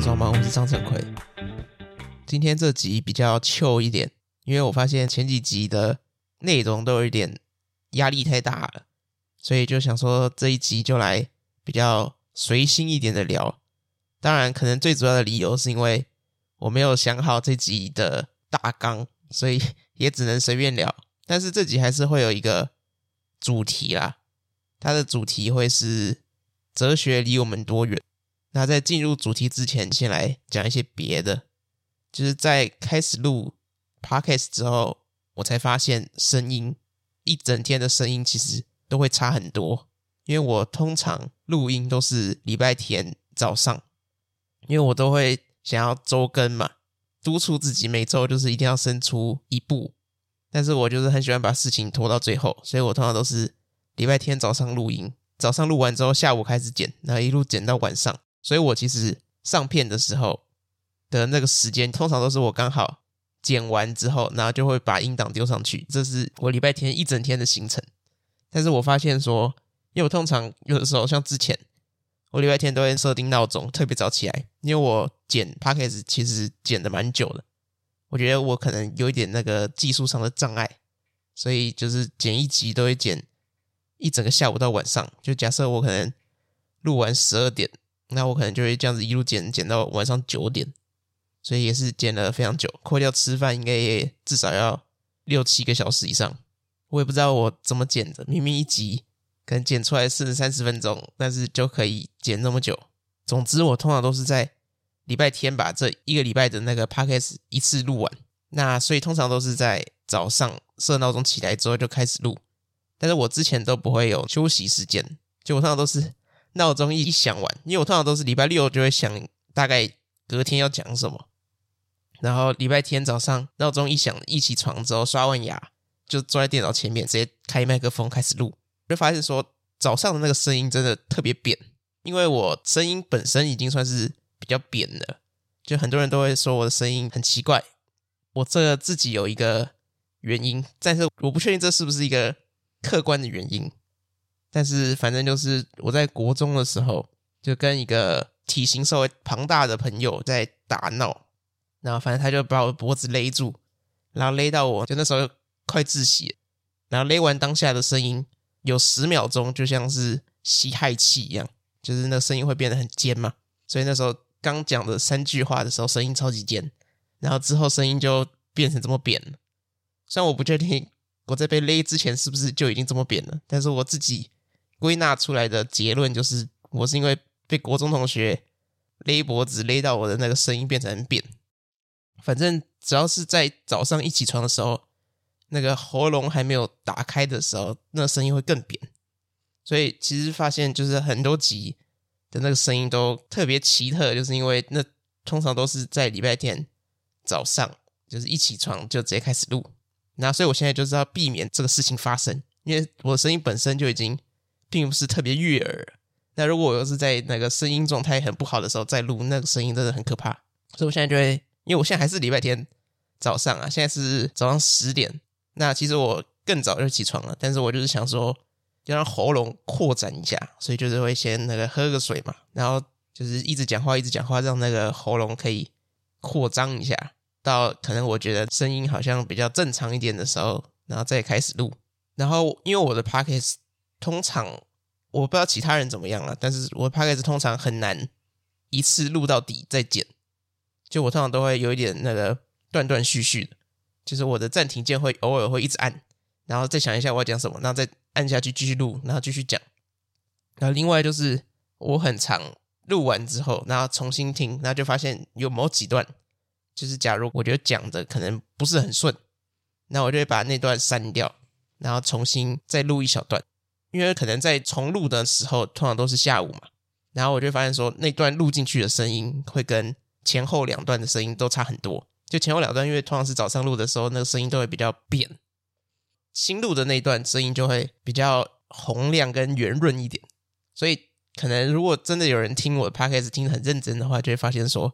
知道嗎？我是張成奎。今天這集比較 chill 一點，因為我發現前幾集的內容都有一點壓力太大了，所以就想說這一集就來比較隨心一點的聊。當然，可能最主要的理由是因為我沒有想好這集的大綱，所以也只能隨便聊。但是這集還是會有一個主題啦，它的主題會是哲學離我們多遠？那在進入主題之前，先來講一些別的。就是在開始錄 podcast 之後，我才發現聲音一整天的聲音其實都會差很多。因為我通常錄音都是禮拜天早上，因為我都會想要周更嘛，督促自己每周就是一定要生出一部。但是我就是很喜歡把事情拖到最後，所以我通常都是禮拜天早上錄音，早上錄完之後，下午開始剪，然後一路剪到晚上。所以我其實上片的時候的那個時間，通常都是我剛好剪完之後，然後就會把音檔丟上去。這是我禮拜天一整天的行程。但是我發現說，因為我通常有的時候，像之前我禮拜天都會設定鬧鐘，特別早起來，因為我剪 Podcast 其實剪的蠻久的。我覺得我可能有一點那個技術上的障礙，所以就是剪一集都會剪一整個下午到晚上。就假設我可能錄完十二點。那我可能就會這樣子一路剪剪到晚上九點，所以也是剪了非常久，扣掉吃飯應該也至少要六七個小時以上。我也不知道我怎麼剪的，明明一集可能剪出來四十三十分鐘，但是就可以剪那麼久。總之，我通常都是在禮拜天把這一個禮拜的那個 podcast 一次錄完。那所以通常都是在早上設鬧鐘起來之後就開始錄，但是我之前都不會有休息時間，基本上都是。鬧鐘一響完，因為我通常都是禮拜六就會想大概隔天要講什麼，然後禮拜天早上鬧鐘一響，一起床之後刷完牙就坐在電腦前面，直接開麥克風開始錄，就發現說早上的那個聲音真的特別扁，因為我聲音本身已經算是比較扁的，就很多人都會說我的聲音很奇怪，我這自己有一個原因，但是我不確定這是不是一個客觀的原因。但是反正就是我在國中的時候，就跟一個體型稍微龐大的朋友在打鬧，然後反正他就把我脖子勒住，然後勒到我就那時候快窒息，然後勒完當下的聲音有十秒鐘就像是吸氦氣一樣，就是那聲音會變得很尖嘛。所以那時候剛講的三句話的時候聲音超級尖，然後之後聲音就變成這麼扁了。雖然我不確定我在被勒之前是不是就已經這麼扁了，但是我自己。歸納出來的結論就是，我是因為被國中同學勒脖子勒到，我的那個聲音變成很扁。反正只要是在早上一起床的時候，那個喉嚨還沒有打開的時候，那個聲音會更扁。所以其實發現就是很多集的那個聲音都特別奇特，就是因為那通常都是在禮拜天早上，就是一起床就直接開始錄。那所以我現在就是要避免這個事情發生，因為我的聲音本身就已經。並不是特別悅耳。那如果我又是在那個聲音狀態很不好的時候再錄，那個聲音真的很可怕。所以我現在就會，因為我現在還是禮拜天早上啊，現在是早上十點。那其實我更早就起床了，但是我就是想說，要讓喉嚨擴展一下，所以就是會先那個喝個水嘛，然後就是一直講話，一直講話，讓那個喉嚨可以擴張一下。到可能我覺得聲音好像比較正常一點的時候，然後再開始錄。然後因為我的 Podcast。通常我不知道其他人怎麼樣了，但是我 podcast 通常很難一次錄到底再剪。就我通常都會有一點那個斷斷續續的，就是我的暫停鍵會偶爾會一直按，然後再想一下我要講什麼，然後再按下去繼續錄，然後繼續講。然後另外就是我很常錄完之後，然後重新聽，然後就發現有某幾段，就是假如我覺得講的可能不是很順，那我就會把那段刪掉，然後重新再錄一小段。因為可能在重錄的時候，通常都是下午嘛，然後我就會發現說，那段錄進去的聲音會跟前後兩段的聲音都差很多。就前後兩段，因為通常是早上錄的時候，那個聲音都會比較扁，新錄的那段聲音就會比較洪亮跟圓潤一點。所以，可能如果真的有人聽我的 podcast 聽得很認真的話，就會發現說，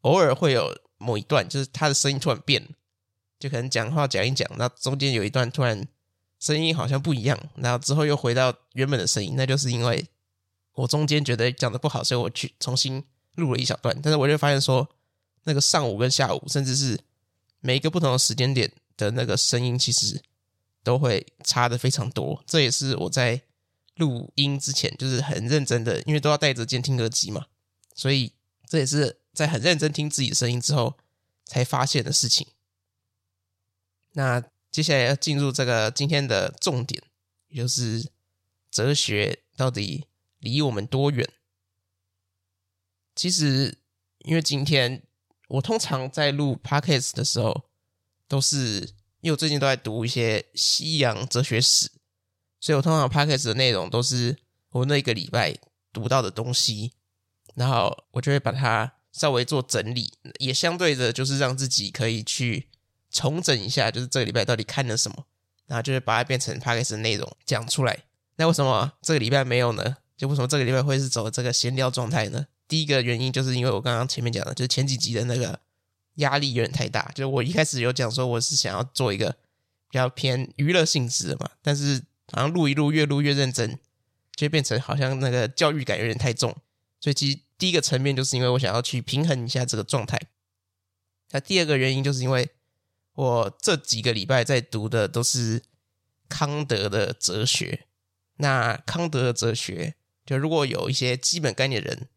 偶爾會有某一段，就是他的聲音突然變了，就可能講話講一講，那中間有一段突然。聲音好像不一樣，然後之後又回到原本的聲音，那就是因為我中間覺得講的不好，所以我去重新錄了一小段。但是我就發現說，那個上午跟下午，甚至是每一個不同的時間點的那個聲音，其實都會差的非常多。這也是我在錄音之前就是很認真的，因為都要帶着監聽耳機嘛，所以這也是在很認真聽自己的聲音之後才發現的事情。那。接下來要進入這個今天的重點，也就是哲學到底離我們多遠？其實，因為今天我通常在錄 podcast 的時候，都是因為我最近都在讀一些西洋哲學史，所以我通常 podcast 的內容都是我那一個禮拜讀到的東西，然後我就會把它稍微做整理，也相對的，就是讓自己可以去。重整一下，就是這個禮拜到底看了什麼，然後就是把它變成 podcast 的內容講出來。那為什麼這個禮拜沒有呢？就為什麼這個禮拜會是走這個閒聊狀態呢？第一個原因就是因為我剛剛前面講的，就是前幾集的那個壓力有點太大。就我一開始有講說我是想要做一個比較偏娛樂性質的嘛，但是好像錄一錄越錄越認真，就變成好像那個教育感有點太重。所以其實第一個層面就是因為我想要去平衡一下這個狀態。那第二個原因就是因為。我這幾個禮拜在讀的都是康德的哲學。那康德的哲學，就如果有一些基本概念的人，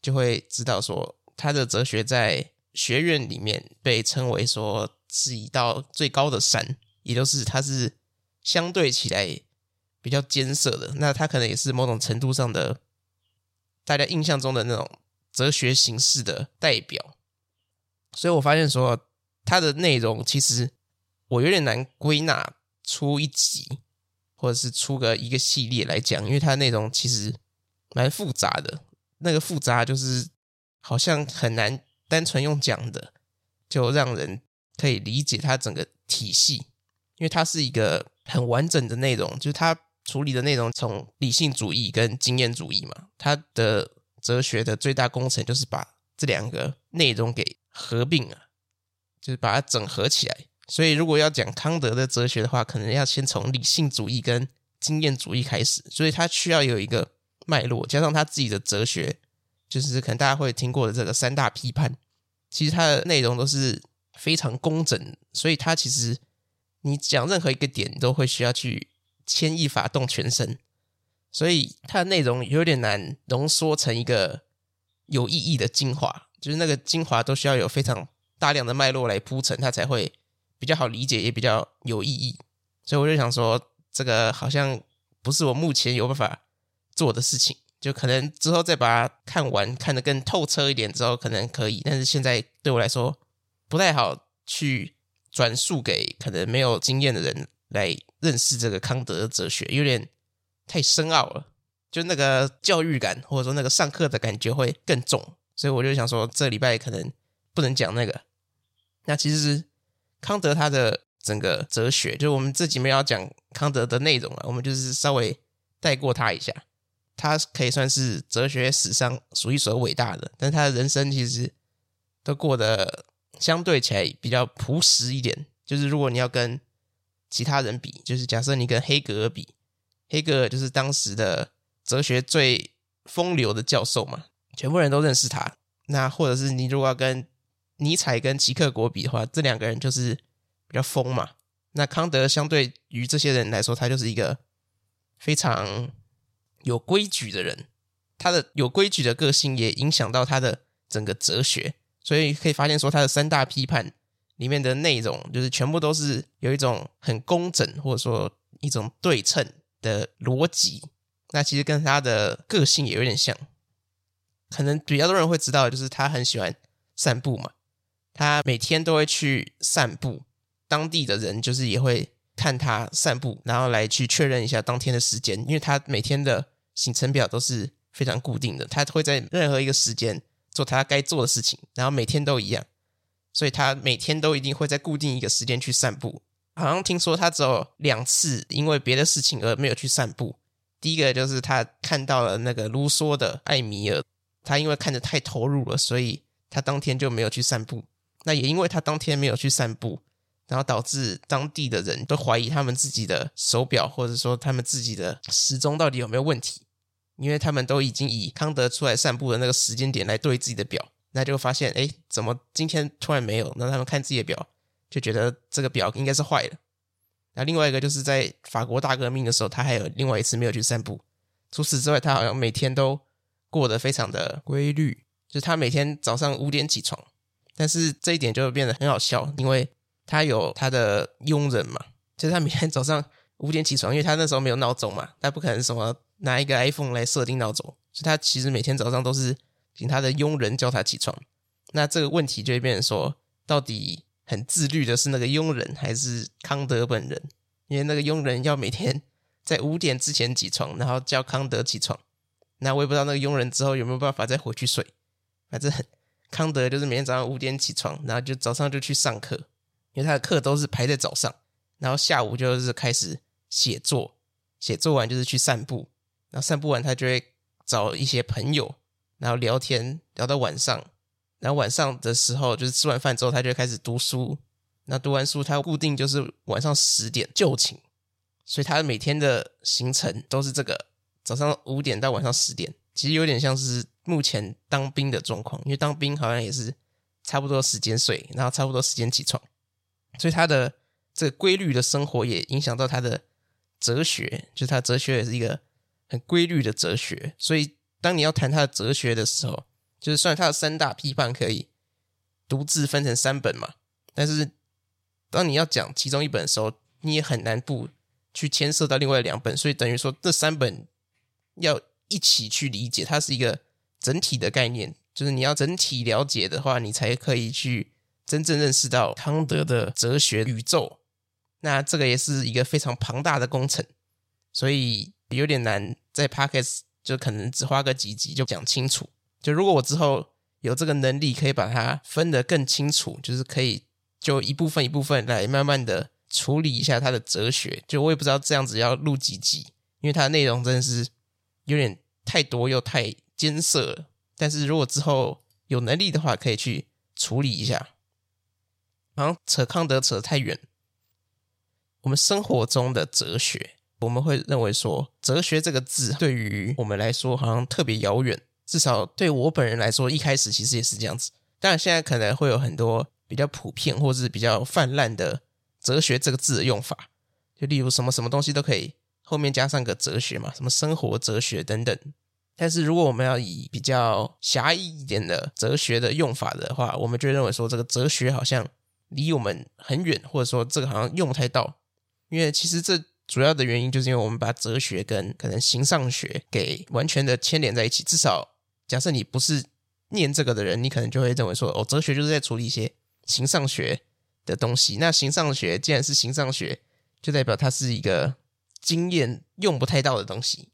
就會知道說，他的哲學在學院裡面被稱為說是一道最高的山，也就是他是相對起來比較艱澀的。那他可能也是某種程度上的大家印象中的那種哲學形式的代表。所以我發現說。它的內容其實我有點難歸納出一集，或者是出個一個系列來講，因為它內容其實蠻複雜的。那個複雜就是好像很難單純用講的，就讓人可以理解它整個體系，因為它是一個很完整的內容，就是它處理的內容從理性主義跟經驗主義嘛，它的哲學的最大工程就是把這兩個內容給合併了。就是把它整合起來，所以如果要講康德的哲學的話，可能要先從理性主義跟經驗主義開始，所以他需要有一個脈絡，加上他自己的哲學，就是可能大家會聽過的這個三大批判，其實它的內容都是非常工整，所以它其實你講任何一個點都會需要去牽一髮動全身，所以它的內容有點難濃縮成一個有意義的精華，就是那個精華都需要有非常。大量的脈絡來鋪陳，它才會比較好理解，也比較有意義。所以我就想說，這個好像不是我目前有辦法做的事情。就可能之後再把它看完，看得更透徹一點之後，可能可以。但是現在對我來說不太好去轉述給可能沒有經驗的人來認識這個康德哲學，有點太深奧了。就那個教育感，或者說那個上課的感覺會更重。所以我就想說，這禮拜可能不能講那個。那其實康德他的整個哲學，就是我們這集沒有要講康德的內容了啊。我們就是稍微帶過他一下，他可以算是哲學史上數一數二偉大的，但他的人生其實都過得相對起來比較樸實一點。就是如果你要跟其他人比，就是假設你跟黑格爾比，黑格爾就是當時的哲學最風流的教授嘛，全部人都認識他。那或者是你如果要跟尼采跟齊克果比的話，這兩個人就是比較瘋嘛。那康德相對於這些人來說，他就是一個非常有規矩的人。他的有規矩的個性也影響到他的整個哲學，所以可以發現說，他的三大批判裡面的內容，就是全部都是有一種很工整或者說一種對稱的邏輯。那其實跟他的個性也有點像，可能比較多人會知道，就是他很喜歡散步嘛。他每天都會去散步，當地的人就是也會看他散步，然後來去確認一下當天的時間，因為他每天的行程表都是非常固定的，他會在任何一個時間做他該做的事情，然後每天都一樣，所以他每天都一定會在固定一個時間去散步。好像聽說他只有兩次因為別的事情而沒有去散步，第一個就是他看到了那個盧梭的《艾米爾》，他因為看得太投入了，所以他當天就沒有去散步。那也因為他當天沒有去散步，然後導致當地的人都懷疑他們自己的手表或者說他們自己的時鐘到底有沒有問題，因為他們都已經以康德出來散步的那個時間點來對自己的錶，那就發現哎，怎麼今天突然沒有？那他們看自己的錶，就覺得這個錶應該是壞了。那另外一個就是在法國大革命的時候，他還有另外一次沒有去散步。除此之外，他好像每天都過得非常的規律，就是他每天早上五點起床。但是這一點就會變得很好笑，因為他有他的傭人嘛，就是他每天早上五點起床，因為他那時候沒有鬧鐘嘛，他不可能什麼拿一個 iPhone 來設定鬧鐘，所以他其實每天早上都是請他的傭人叫他起床。那這個問題就會變成說，到底很自律的是那個傭人還是康德本人？因為那個傭人要每天在五點之前起床，然後叫康德起床。那我也不知道那個傭人之後有沒有辦法再回去睡，反正很。康德就是每天早上五點起床，然後就早上就去上課，因為他的課都是排在早上，然後下午就是開始寫作，寫作完就是去散步，然後散步完他就會找一些朋友，然後聊天聊到晚上，然後晚上的時候就是吃完飯之後他就會開始讀書，那讀完書他固定就是晚上十點就寢，所以他每天的行程都是這個，早上五點到晚上十點，其實有點像是。目前當兵的狀況，因為當兵好像也是差不多時間睡，然後差不多時間起床，所以他的這個規律的生活也影響到他的哲學，就是他哲學也是一個很規律的哲學。所以當你要談他的哲學的時候，就是雖然他的三大批判可以獨自分成三本嘛，但是當你要講其中一本的時候，你也很難不去牽涉到另外兩本，所以等於說這三本要一起去理解，它是一個。整體的概念，就是你要整體了解的話，你才可以去真正認識到康德的哲學宇宙。那這個也是一個非常龐大的工程，所以有點難在 Podcast 就可能只花個幾集就講清楚。就如果我之後有這個能力，可以把它分得更清楚，就是可以就一部分一部分來慢慢的處理一下它的哲學。就我也不知道這樣子要錄幾集，因為它內容真的是有點太多又太。艱澀，但是如果之後有能力的話，可以去處理一下。好像扯康德扯的太遠，我們生活中的哲學，我們會認為說，哲學這個字對於我們來說好像特別遙遠，至少對我本人來說，一開始其實也是這樣子。當然，現在可能會有很多比較普遍或者是比較泛濫的哲學這個字的用法，就例如什麼什麼東西都可以後面加上個哲學嘛，什麼生活哲學等等。但是，如果我們要以比較狹義一點的哲學的用法的話，我們就會認為說，這個哲學好像離我們很遠，或者說這個好像用不太到。因為其實這主要的原因就是因為我們把哲學跟可能形上學給完全的牽連在一起。至少假設你不是念這個的人，你可能就會認為說，哦，哲學就是在處理一些形上學的東西。那形上學既然是形上學，就代表它是一個經驗用不太到的東西。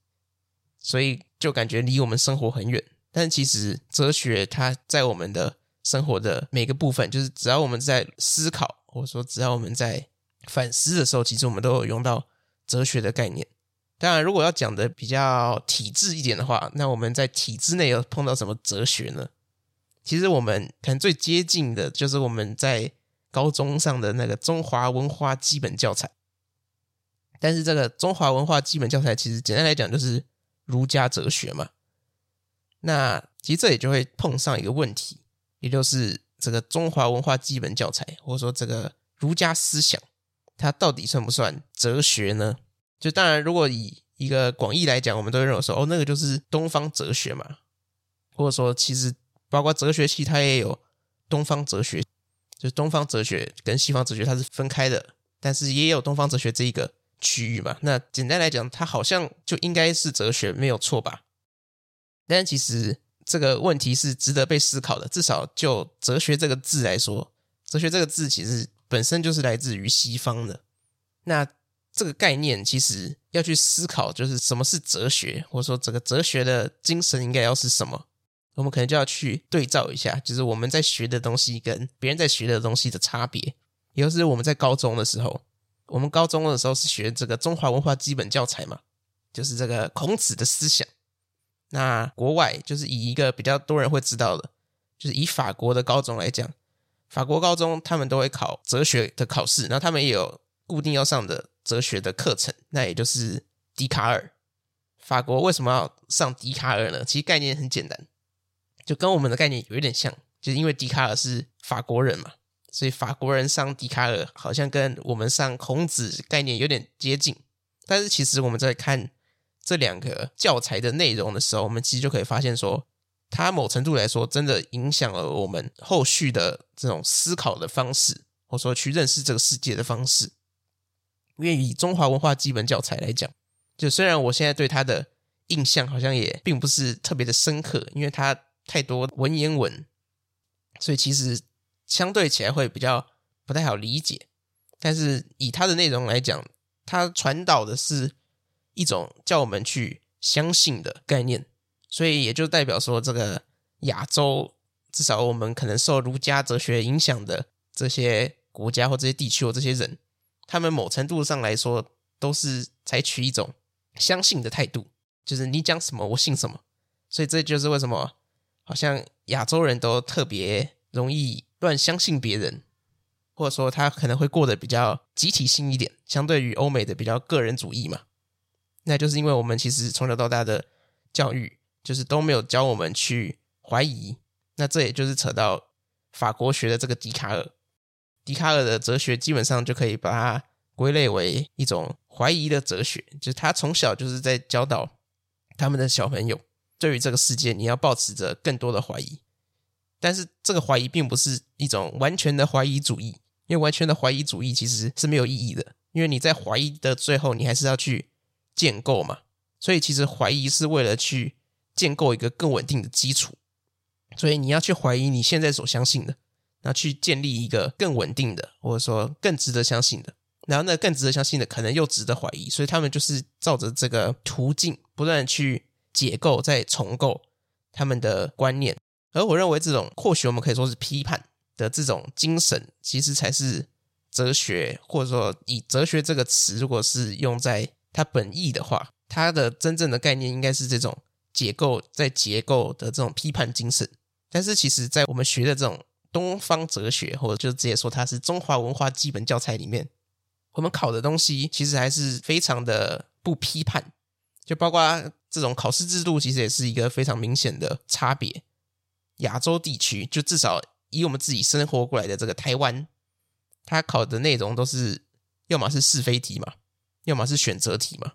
所以就感覺離我們生活很遠，但其實哲學它在我們的生活的每個部分，就是只要我們在思考，或者說只要我們在反思的時候，其實我們都有用到哲學的概念。當然，如果要講的比較體制一點的話，那我們在體制內又碰到什麼哲學呢？其實我們可能最接近的就是我們在高中上的那個中華文化基本教材。但是這個中華文化基本教材，其實簡單來講就是。儒家哲學嘛，那其實這裡就會碰上一個問題，也就是這個中華文化基本教材，或者說這個儒家思想，它到底算不算哲學呢？就當然，如果以一個廣義來講，我們都認為說，哦，那個就是東方哲學嘛，或者說，其實包括哲學系它也有東方哲學，就東方哲學跟西方哲學它是分開的，但是也有東方哲學這一個。區域嘛，那簡單來講，它好像就應該是哲學，沒有錯吧？但其實這個問題是值得被思考的。至少就哲學這個字來說，哲學這個字其實本身就是來自於西方的。那這個概念其實要去思考，就是什麼是哲學，或者說整個哲學的精神應該要是什麼，我們可能就要去對照一下，就是我們在學的東西跟別人在學的東西的差別。也就是我們在高中的時候。我們高中的時候是學這個中華文化基本教材嘛，就是這個孔子的思想。那國外就是以一個比較多人會知道的，就是以法國的高中來講，法國高中他們都會考哲學的考試，然後他們也有固定要上的哲學的課程，那也就是笛卡爾。法國為什麼要上笛卡爾呢？其實概念很簡單，就跟我們的概念有一點像，就是因為笛卡爾是法國人嘛。所以法國人上笛卡爾好像跟我們上孔子概念有點接近，但是其實我們在看這兩個教材的內容的時候，我們其實就可以發現說，它某程度來說真的影響了我們後續的這種思考的方式，或者說去認識這個世界的方式。因為以中華文化基本教材來講，就雖然我現在對它的印象好像也並不是特別的深刻，因為它太多文言文，所以其實。相對起來會比較不太好理解，但是以它的內容來講，它傳導的是一種叫我們去相信的概念，所以也就代表說，這個亞洲至少我們可能受儒家哲學影響的這些國家或這些地區或這些人，他們某程度上來說都是採取一種相信的態度，就是你講什麼我信什麼，所以這就是為什麼好像亞洲人都特別容易。亂相信別人，或者說他可能會過得比較集體性一點，相對於歐美的比較個人主義嘛。那就是因為我們其實從小到大的教育，就是都沒有教我們去懷疑。那這也就是扯到法國學的這個笛卡爾，笛卡爾的哲學基本上就可以把它歸類為一種懷疑的哲學，就是他從小就是在教導他們的小朋友，對於這個世界你要保持着更多的懷疑。但是，這個懷疑並不是一種完全的懷疑主義，因為完全的懷疑主義其實是沒有意義的。因為你在懷疑的最後，你還是要去建構嘛。所以，其實懷疑是為了去建構一個更穩定的基礎。所以，你要去懷疑你現在所相信的，然後去建立一個更穩定的，或者說更值得相信的。然後，那更值得相信的，可能又值得懷疑。所以，他們就是照着這個途徑，不斷去解構、再重構他們的觀念。而我認為，這種或許我們可以說是批判的這種精神，其實才是哲學，或者說以哲學這個詞，如果是用在它本意的話，它的真正的概念應該是這種結構，再結構的這種批判精神。但是，其實在我們學的這種東方哲學，或者就直接說它是中華文化基本教材裡面，我們考的東西其實還是非常的不批判，就包括這種考試制度，其實也是一個非常明顯的差別。亞洲地區就至少以我們自己生活過來的這個台灣，它考的內容都是要麼是是非題嘛，要麼是選擇題嘛，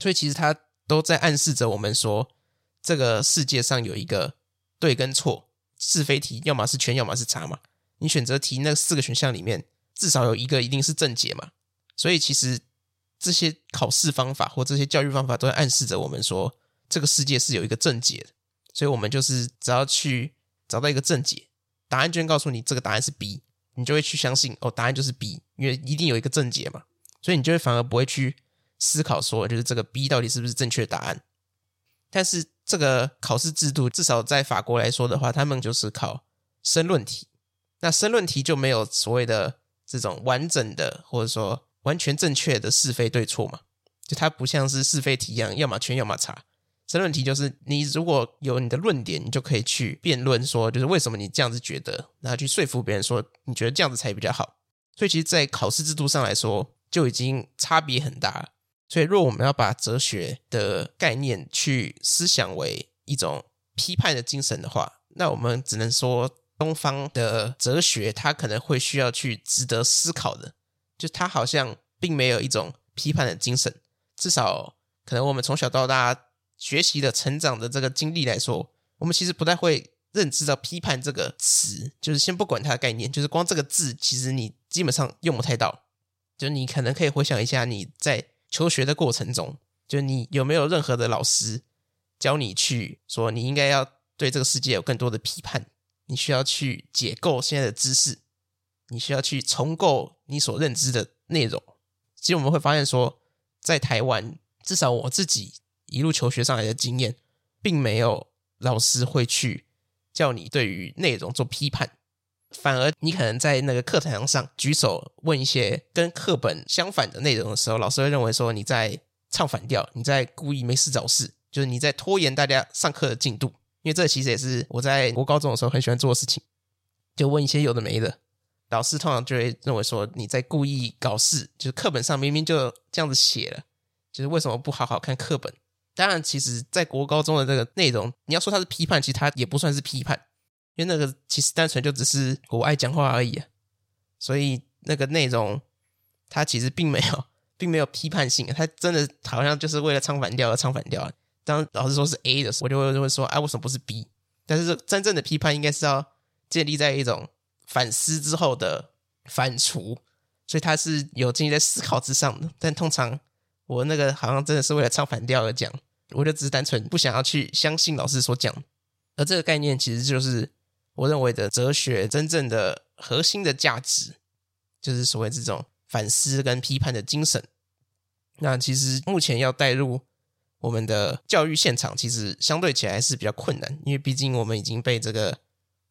所以其實它都在暗示着我們說，這個世界上有一個對跟錯，是非題要麼是全，要麼是差嘛，你選擇題那四個選項裡面至少有一個一定是正解嘛，所以其實這些考試方法或這些教育方法都在暗示着我們說，這個世界是有一個正解的，所以我們就是只要去找到一個正解，答案就會告訴你這個答案是 B，你就會去相信哦，答案就是 B，因為一定有一個正解嘛，所以你就會反而不會去思考說，就是這個 B 到底是不是正確的答案。但是這個考試制度至少在法國來說的話，他們就是考申論題，那申論題就沒有所謂的這種完整的或者說完全正確的是非對錯嘛，就它不像是是非題一樣，要麼圈要麼叉。爭論題就是，你如果有你的論點，你就可以去辯論說，就是為什麼你這樣子覺得，然後去說服別人說，你覺得這樣子才比較好。所以，其實，在考試制度上來說，就已經差別很大。所以，若我們要把哲學的概念去思想為一種批判的精神的話，那我們只能說，東方的哲學它可能會需要去值得思考的，就它好像並沒有一種批判的精神。至少，可能我們從小到大。學習的成長的這個經歷來說，我們其實不太會認知到“批判”這個詞。就是先不管它的概念，就是光這個字，其實你基本上用不太到。就你可能可以回想一下，你在求學的過程中，就你有沒有任何的老師教你去說你應該要對這個世界有更多的批判？你需要去解構現在的知識，你需要去重構你所認知的內容。其實我們會發現說，在台灣，至少我自己。一路求學上來的經驗，並沒有老師會去叫你對於內容做批判，反而你可能在那個課堂上舉手問一些跟課本相反的內容的時候，老師會認為說你在唱反調，你在故意沒事找事，就是你在拖延大家上課的進度。因為這其實也是我在讀高中的時候很喜歡做的事情，就問一些有的沒的，老師通常就會認為說你在故意搞事，就是課本上明明就這樣子寫了，就是為什麼不好好看課本？當然，其實，在國高中的這個內容，你要說它是批判，其實它也不算是批判，因為那個其實單純就只是我愛講話而已啊。所以那個內容，它其實並沒有，並沒有批判性，它真的好像就是為了唱反調而唱反調。當老師說是 A 的時候，我就會就會說，哎、啊，為什麼不是 B？但是真正的批判應該是要建立在一種反思之後的反芻，所以它是有建立在思考之上的。但通常。我那個好像真的是為了唱反調而講，我就只是單純不想要去相信老師所講。而這個概念其實就是我認為的哲學真正的核心的價值，就是所謂這種反思跟批判的精神。那其實目前要帶入我們的教育現場，其實相對起來是比較困難，因為畢竟我們已經被這個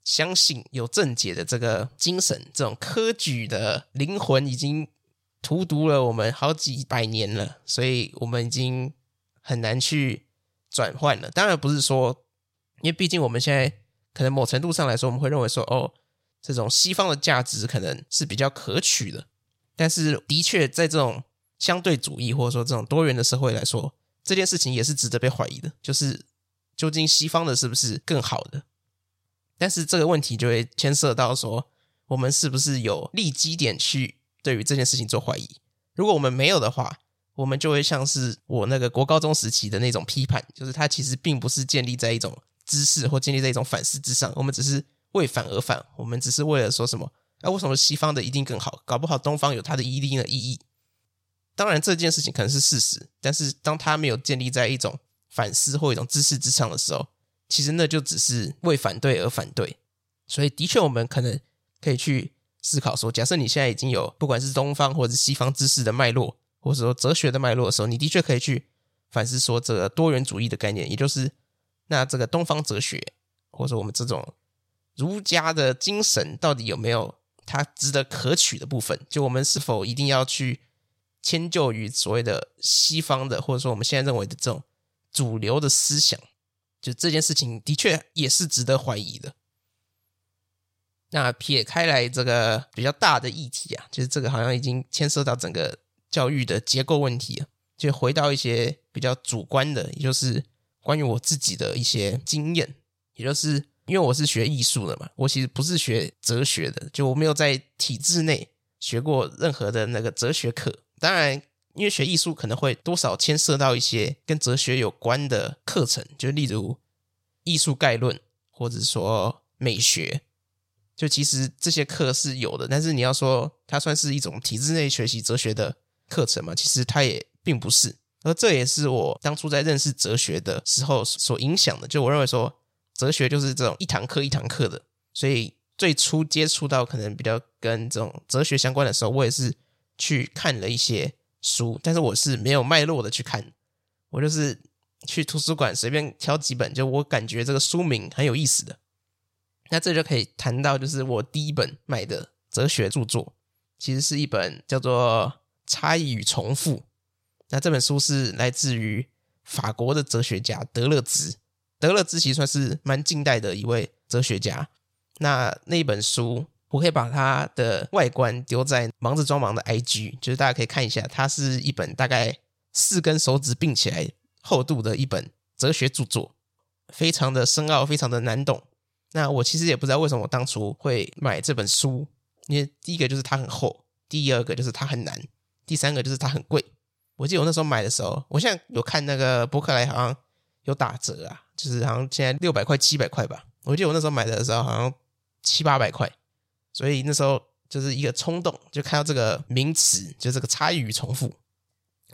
相信有正解的這個精神，這種科舉的靈魂已經。荼毒了我們好幾百年了，所以我們已經很難去轉換了。當然不是說，因為畢竟我們現在可能某程度上來說，我們會認為說，哦，這種西方的價值可能是比較可取的。但是，的確在這種相對主義或者說這種多元的社會來說，這件事情也是值得被懷疑的。就是究竟西方的是不是更好的？但是這個問題就會牽涉到說，我們是不是有立基點去？對於這件事情做懷疑，如果我們沒有的話，我們就會像是我那個國高中時期的那種批判，就是它其實並不是建立在一種知識或建立在一種反思之上，我們只是為反而反，我們只是為了說什麼？哎、啊，為什麼西方的一定更好？搞不好東方有它的一定的意義。當然，這件事情可能是事實，但是當它沒有建立在一種反思或一種知識之上的時候，其實那就只是為反對而反對。所以，的確，我們可能可以去思考說，假設你現在已經有不管是東方或者是西方知識的脈絡，或者說哲學的脈絡的時候，你的確可以去反思說，這個多元主義的概念，也就是那這個東方哲學，或者說我們這種儒家的精神，到底有沒有它值得可取的部分？就我們是否一定要去遷就於所謂的西方的，或者說我們現在認為的這種主流的思想？就這件事情，的確也是值得懷疑的。那撇開來這個比較大的議題啊，就是這個好像已經牽涉到整個教育的結構問題，就回到一些比較主觀的，也就是關於我自己的一些經驗，也就是因為我是學藝術的嘛，我其實不是學哲學的，就我沒有在體制內學過任何的那個哲學課。當然，因為學藝術可能會多少牽涉到一些跟哲學有關的課程，就例如藝術概論，或者說美學。就其實這些課是有的，但是你要說它算是一種體制內學習哲學的課程嘛？其實它也並不是。而這也是我當初在認識哲學的時候所影響的。就我認為說，哲學就是這種一堂課一堂課的。所以最初接觸到可能比較跟這種哲學相關的時候，我也是去看了一些書，但是我是沒有脈絡的去看，我就是去圖書館隨便挑幾本，就我感覺這個書名很有意思的。那這就可以談到，就是我第一本買的哲學著作，其實是一本叫做《差異與重複》。那這本書是來自於法國的哲學家德勒茲，德勒茲其實算是蠻近代的一位哲學家。那那本書，我可以把它的外觀丟在忙着裝忙的 IG，就是大家可以看一下，它是一本大概四根手指並起來厚度的一本哲學著作，非常的深奧，非常的難懂。那我其實也不知道為什麼我當初會買這本書，因為第一個就是它很厚，第二個就是它很難，第三個就是它很貴。我記得我那時候買的時候，我現在有看那個博客來好像有打折啊，就是好像現在六百塊、七百塊吧。我記得我那時候買的時候好像七八百塊，所以那時候就是一個衝動，就看到這個名詞，就這個差異與重複。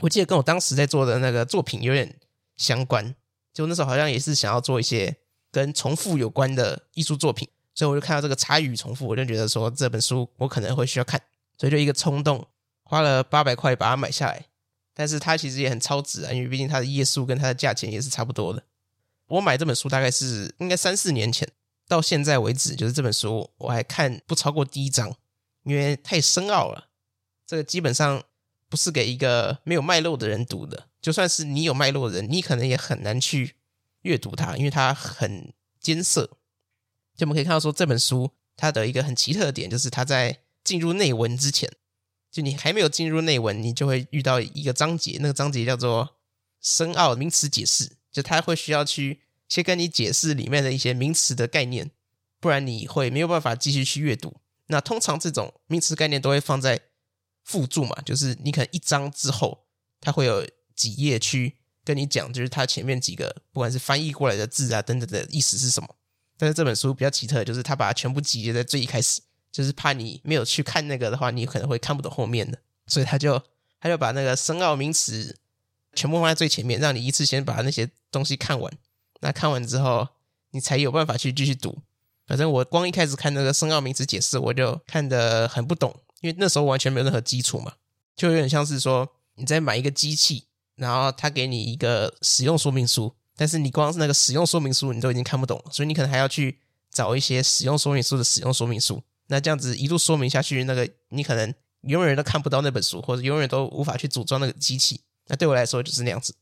我記得跟我當時在做的那個作品有點相關，就那時候好像也是想要做一些。跟重複有關的藝術作品，所以我就看到這個差異與重複，我就覺得說這本書我可能會需要看，所以就一個衝動，花了八百塊把它買下來。但是它其實也很超值啊，因為畢竟它的頁數跟它的價錢也是差不多的。我買這本書大概是應該三四年前，到現在為止，就是這本書我還看不超過第一章，因為太深奧了。這個基本上不是給一個沒有脈絡的人讀的，就算是你有脈絡的人，你可能也很難去。閱讀它，因為它很艱澀。就我們可以看到說這本書它的一個很奇特的點，就是它在進入內文之前，就你還沒有進入內文，你就會遇到一個章節，那個章節叫做“深奧名詞解釋”。就它會需要去先跟你解釋裡面的一些名詞的概念，不然你會沒有辦法繼續去閱讀。那通常這種名詞概念都會放在附注嘛，就是你可能一章之後，它會有幾頁去跟你講，就是它前面幾個不管是翻譯過來的字啊等等的意思是什麼。但是這本書比較奇特，就是它把它全部集結在最一開始，就是怕你沒有去看那個的話，你可能會看不懂後面的，所以他就他就把那個深奧名詞全部放在最前面，讓你一次先把那些東西看完。那看完之後，你才有辦法去繼續讀。反正我光一開始看那個深奧名詞解釋，我就看得很不懂，因為那時候完全沒有任何基礎嘛，就有點像是說你在買一個機器。然後他給你一個使用說明書，但是你光是那個使用說明書你都已經看不懂，所以你可能還要去找一些使用說明書的使用說明書。那這樣子一路說明下去，那個你可能永遠都看不到那本書，或者永遠都無法去組裝那個機器。那對我來說就是那樣子。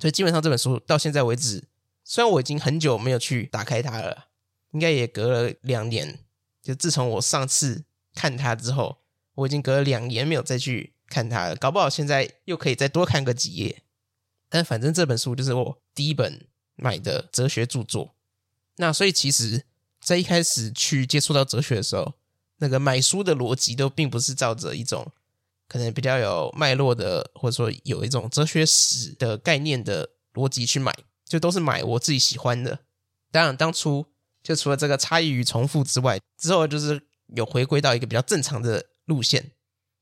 所以基本上這本書到現在為止，雖然我已經很久沒有去打開它了，應該也隔了兩年。就自從我上次看它之後，我已經隔了兩年沒有再去。看它，搞不好現在又可以再多看個幾頁。但反正這本書就是我第一本買的哲學著作。那所以其實，在一開始去接觸到哲學的時候，那個買書的邏輯都並不是照着一種可能比較有脈絡的，或者說有一種哲學史的概念的邏輯去買，就都是買我自己喜歡的。當然，當初就除了這個差異與重複之外，之後就是有回歸到一個比較正常的路線。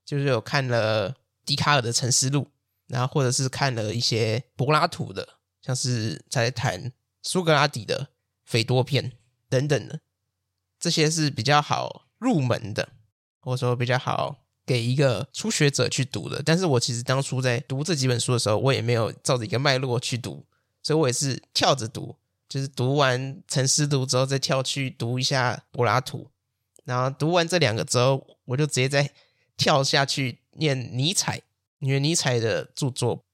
就是有看了笛卡爾的《沉思錄》，然後或者是看了一些柏拉圖的，像是在談蘇格拉底的《斐多篇》等等的，這些是比較好入門的，或者說比較好給一個初學者去讀的。但是我其實當初在讀這幾本書的時候，我也沒有照着一個脈絡去讀，所以我也是跳着讀，就是讀完《沉思錄》之後再跳去讀一下柏拉圖，然後讀完這兩個之後，我就直接在。跳下去念尼采，因為尼采的著作，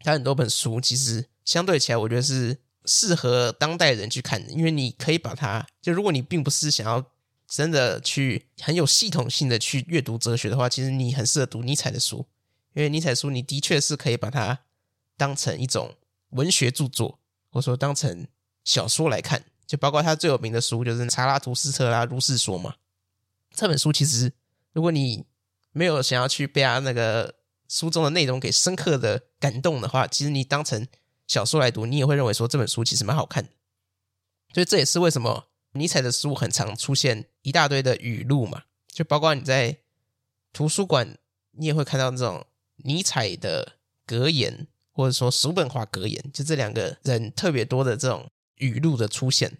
他很多本書其實相對起來，我覺得是適合當代人去看，因為你可以把它就，如果你並不是想要真的去很有系統性的去閱讀哲學的話，其實你很適合讀尼采的書，因為尼采書你的確是可以把它當成一種文學著作，或者說當成小說來看，就包括他最有名的書就是《查拉圖斯特拉如是說》嘛，這本書其實如果你沒有想要去被他那個書中的內容給深刻的感動的話，其實你當成小說來讀，你也會認為說這本書其實蠻好看的。所以這也是為什麼尼采的書很常出現一大堆的語錄嘛，就包括你在圖書館，你也會看到這種尼采的格言，或者說叔本華格言，就這兩個人特別多的這種語錄的出現。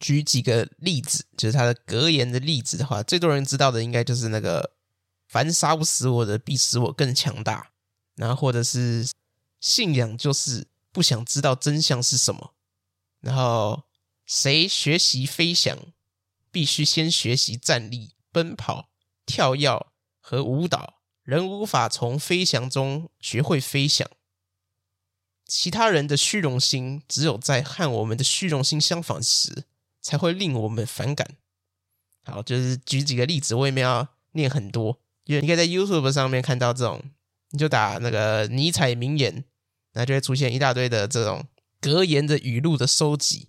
舉幾個例子，就是他的格言的例子的話，最多人知道的應該就是那個。凡殺不死我的，必使我更強大。然後，或者是信仰，就是不想知道真相是什麼。然後，誰學習飛翔，必須先學習站立、奔跑、跳躍和舞蹈。人無法從飛翔中學會飛翔。其他人的虛榮心，只有在和我們的虛榮心相仿時，才會令我們反感。好，就是舉幾個例子，我也沒有念很多。你可以在 YouTube 上面看到這種，你就打那個尼采名言，那就會出現一大堆的這種格言的語錄的收集。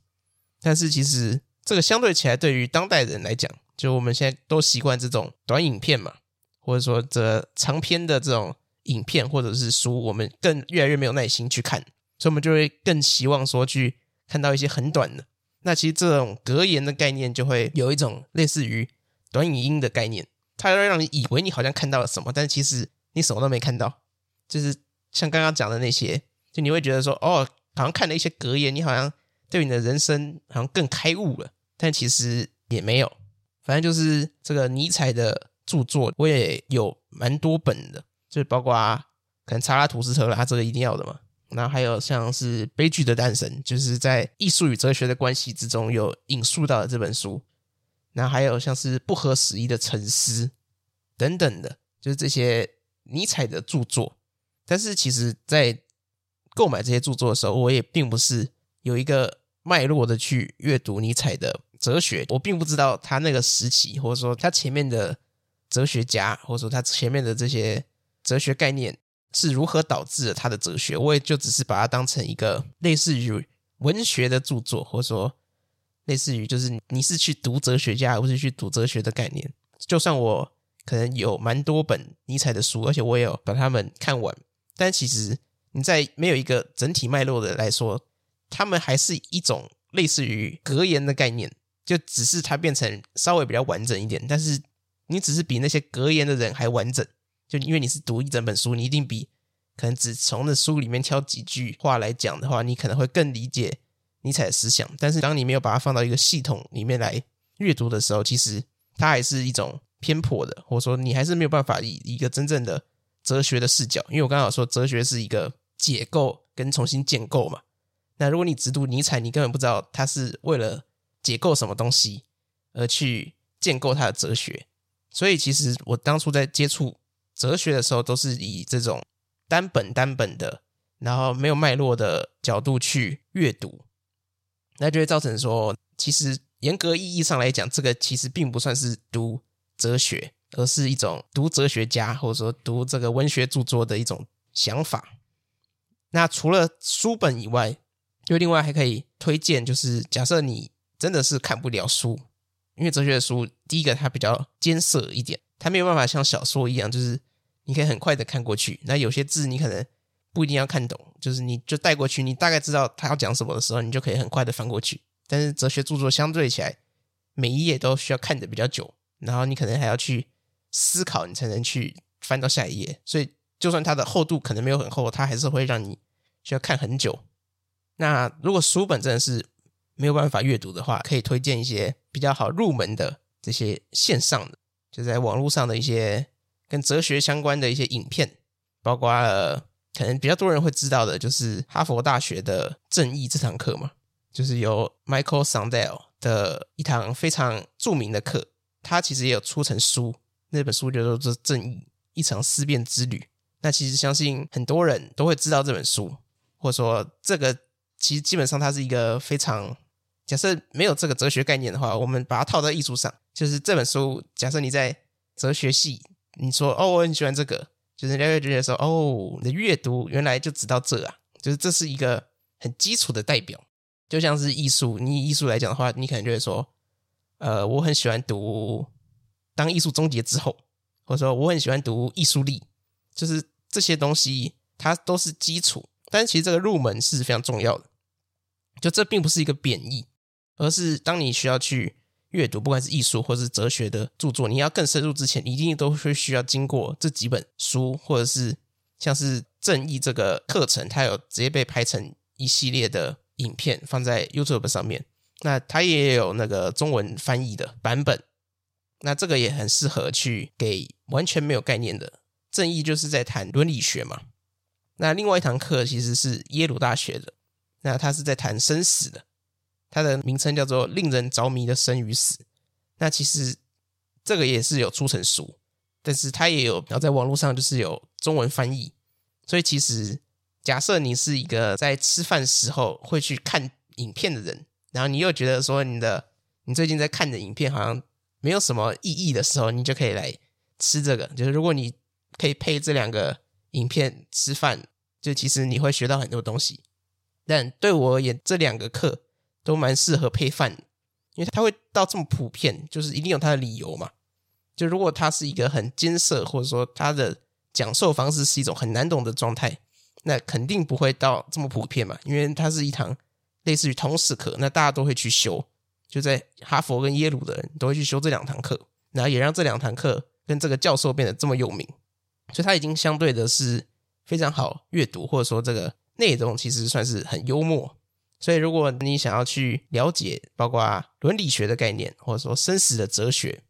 但是其實這個相對起來，對於當代人來講，就我們現在都習慣這種短影片嘛，或者說這長篇的這種影片或者是書，我們更越來越沒有耐心去看，所以我們就會更希望說去看到一些很短的。那其實這種格言的概念就會有一種類似於短影音的概念。他會讓你以為你好像看到了什麼，但其實你什麼都沒看到。就是像剛剛講的那些，就你會覺得說，哦，好像看了一些格言，你好像對你的人生好像更開悟了，但其實也沒有。反正就是這個尼采的著作，我也有蠻多本的，就是包括啊可能《查拉圖斯特拉》這個一定要的嘛。然後還有像是《悲劇的誕生》，就是在藝術與哲學的關係之中有引述到的這本書。然後還有像是不合時宜的沉思等等的，就是這些尼采的著作。但是其實，在購買這些著作的時候，我也並不是有一個脈絡的去閱讀尼采的哲學。我並不知道他那個時期，或者說他前面的哲學家，或者說他前面的這些哲學概念是如何導致了他的哲學。我也就只是把它當成一個類似於文學的著作，或者說。類似於就是你是去讀哲學家，而不是去讀哲學的概念。就算我可能有蠻多本尼采的書，而且我也有把它們看完，但其實你在沒有一個整體脈絡的來說，他們還是一種類似於格言的概念，就只是它變成稍微比較完整一點。但是你只是比那些格言的人還完整，就因為你是讀一整本書，你一定比可能只從那書裡面挑幾句話來講的話，你可能會更理解。尼采的思想，但是當你沒有把它放到一個系統裡面來閱讀的時候，其實它還是一種偏頗的，或者說你還是沒有辦法以一個真正的哲學的視角。因為我剛好說哲學是一個解構跟重新建構嘛，那如果你只讀尼采，你根本不知道他是為了解構什麼東西而去建構他的哲學。所以，其實我當初在接觸哲學的時候，都是以這種單本單本的，然後沒有脈絡的角度去閱讀。那就會造成說，其實嚴格意義上來講，這個其實並不算是讀哲學，而是一種讀哲學家或者說讀這個文學著作的一種想法。那除了書本以外，就另外還可以推薦，就是假設你真的是看不了書，因為哲學的書，第一個它比較艱澀一點，它沒有辦法像小說一樣，就是你可以很快的看過去，那有些字你可能。不一定要看懂，就是你就帶過去，你大概知道他要講什麼的時候，你就可以很快的翻過去。但是哲學著作相對起來，每一頁都需要看的比較久，然後你可能還要去思考，你才能去翻到下一頁。所以，就算它的厚度可能沒有很厚，它還是會讓你需要看很久。那如果書本真的是沒有辦法閱讀的話，可以推薦一些比較好入門的這些線上的，就在網絡上的一些跟哲學相關的一些影片，包括了可能比較多人會知道的就是哈佛大學的《正義》這堂課嘛，就是由 Michael Sandel 的一堂非常著名的課，他其實也有出成書，那本書叫做《正義：一場思辨之旅》。那其實相信很多人都會知道這本書，或者說這個其實基本上它是一個非常，假設沒有這個哲學概念的話，我們把它套在藝術上，就是這本書，假設你在哲學系，你說哦，我很喜歡這個。就是人家會覺得說，哦，你的閱讀原來就只到這啊，就是這是一個很基礎的代表，就像是藝術，你以藝術來講的話，你可能就會說，呃，我很喜歡讀當藝術終結之後，或者說我很喜歡讀藝術力，就是這些東西它都是基礎，但是其實這個入門是非常重要的，就這並不是一個貶義，而是當你需要去。閱讀不管是藝術或是哲學的著作，你要更深入之前，你一定都會需要經過這幾本書，或者是像是正義這個課程，它有直接被拍成一系列的影片放在 YouTube 上面。那它也有那個中文翻譯的版本，那這個也很適合去給完全沒有概念的。正義就是在談倫理學嘛。那另外一堂課其實是耶魯大學的，那他是在談生死的。它的名稱叫做《令人着迷的生與死》，那其實這個也是有出成書，但是它也有然後在網絡上就是有中文翻譯，所以其實假設你是一個在吃飯時候會去看影片的人，然後你又覺得說你的你最近在看的影片好像沒有什麼意義的時候，你就可以來吃這個。就是如果你可以配這兩個影片吃飯，就其實你會學到很多東西。但對我而言，這兩個課。都蠻適合配飯，因為他會到這麼普遍，就是一定有他的理由嘛。就如果他是一個很艱澀，或者說他的講授方式是一種很難懂的狀態，那肯定不會到這麼普遍嘛。因為它是一堂類似於通識課，那大家都會去修，就在哈佛跟耶魯的人都會去修這兩堂課，然後也讓這兩堂課跟這個教授變得這麼有名，所以他已經相對的是非常好閱讀，或者說這個內容其實算是很幽默。所以，如果你想要去了解包括倫理學的概念，或者說生死的哲學，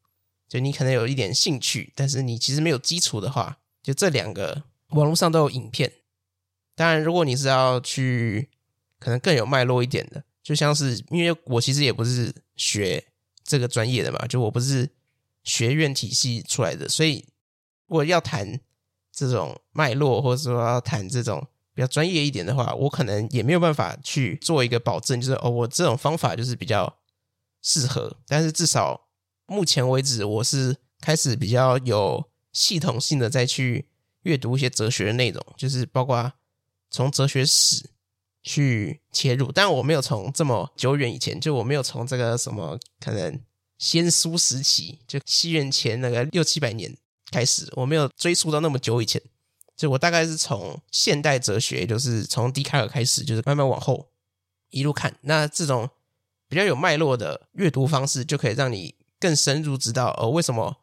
就你可能有一點興趣，但是你其實沒有基礎的話，就這兩個網絡上都有影片。當然，如果你是要去可能更有脈絡一點的，就像是因為我其實也不是學這個專業的嘛，就我不是學院體系出來的，所以如果要談這種脈絡，或者說要談這種。比較專業一點的話，我可能也沒有辦法去做一個保證，就是哦，我這種方法就是比較適合。但是至少目前為止，我是開始比較有系統性的再去閱讀一些哲學的內容，就是包括從哲學史去切入。但我沒有從這麼久遠以前，就我沒有從這個什麼可能先蘇時期，就西元前那個六七百年開始，我沒有追溯到那麼久以前。就我大概是從現代哲學，就是從笛卡爾開始，就是慢慢往後一路看。那這種比較有脈絡的閱讀方式，就可以讓你更深入知道，呃，為什麼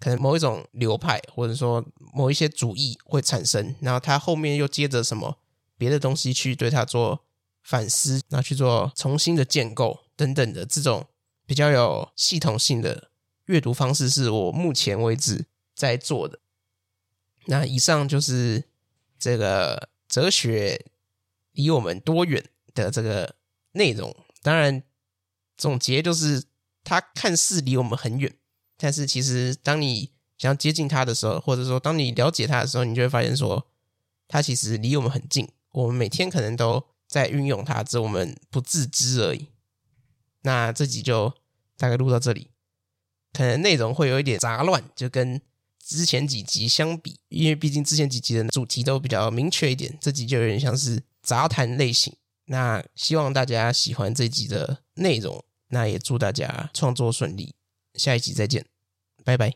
可能某一種流派或者說某一些主義會產生，然後它後面又接着什麼別的東西去對它做反思，然後去做重新的建構等等的這種比較有系統性的閱讀方式，是我目前為止在做的。那以上就是這個哲學離我們多遠的這個內容。當然，總結就是它看似離我們很遠，但是其實當你想要接近它的時候，或者說當你了解它的時候，你就會發現說它其實離我們很近。我們每天可能都在運用它，只是我們不自知而已。那這集就大概錄到這裡，可能內容會有一點雜亂，就跟。之前幾集相比，因為畢竟之前幾集的主題都比較明確一點，這集就有點像是雜談類型。那希望大家喜歡這集的內容，那也祝大家創作順利。下一集再見，拜拜。